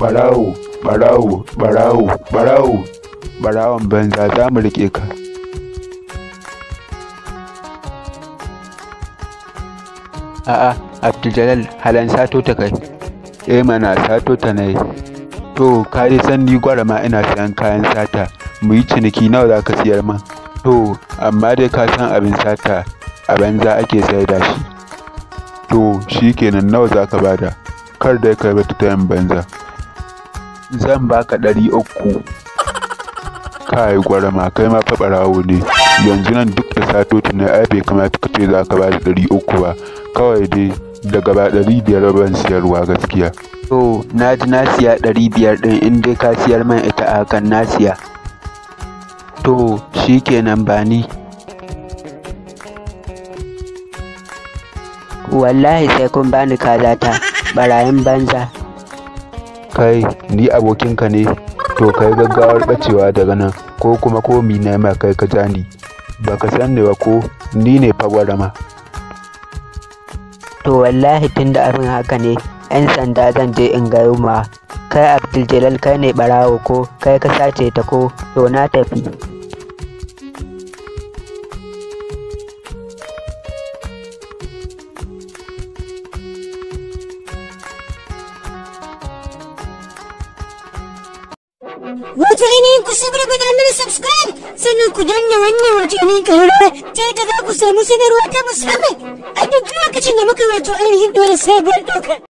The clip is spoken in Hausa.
Barawo, barawo, barawo, barawo, barawon banza za mu riƙe ka. A'a, Abdul halan sato ta kai. Eh mana sato ta na yi. To ka dai san ni gwara ma ina sayan kayan sata, mu yi ciniki nawa za ka siyar ma. To amma dai ka san abin sata a banza ake da shi. To shi kenan nawa za ka ba Kar dai ka bata ta yin banza. Zan baka ɗari uku. Kai gwara ma kai ma fa ɓarawo ne. Yanzu nan duk da satoci na ai bai kamata ka ce za ka ba da ɗari uku ba. Kawai dai daga ba ɗari biyar ban siyarwa gaskiya. To, na ji na siya ɗari biyar ɗin in dai ka siyar man ita a hakan na siya. To, shi kenan ba ni. Wallahi sai kun bani kazata, barayin banza. Kai, ni abokinka ne, to kai gaggawar ɓacewa daga nan, ko kuma ko na ma kai ka jani. Ba ka san ne ba ko ni ne fagwarama. To wallahi tun da abin haka ne, 'yan sanda zan je in ga ma kai abdul kai ne barawo ko kai ka sace ta ko to na tafi Mutane ku sabar ku subscribe sannan ku danna wannan watanni karuwa ta yadda za ku samu sanarwa ta musamman a duk lokacin da muka wato ainihin dole sabuwar ɗaukar.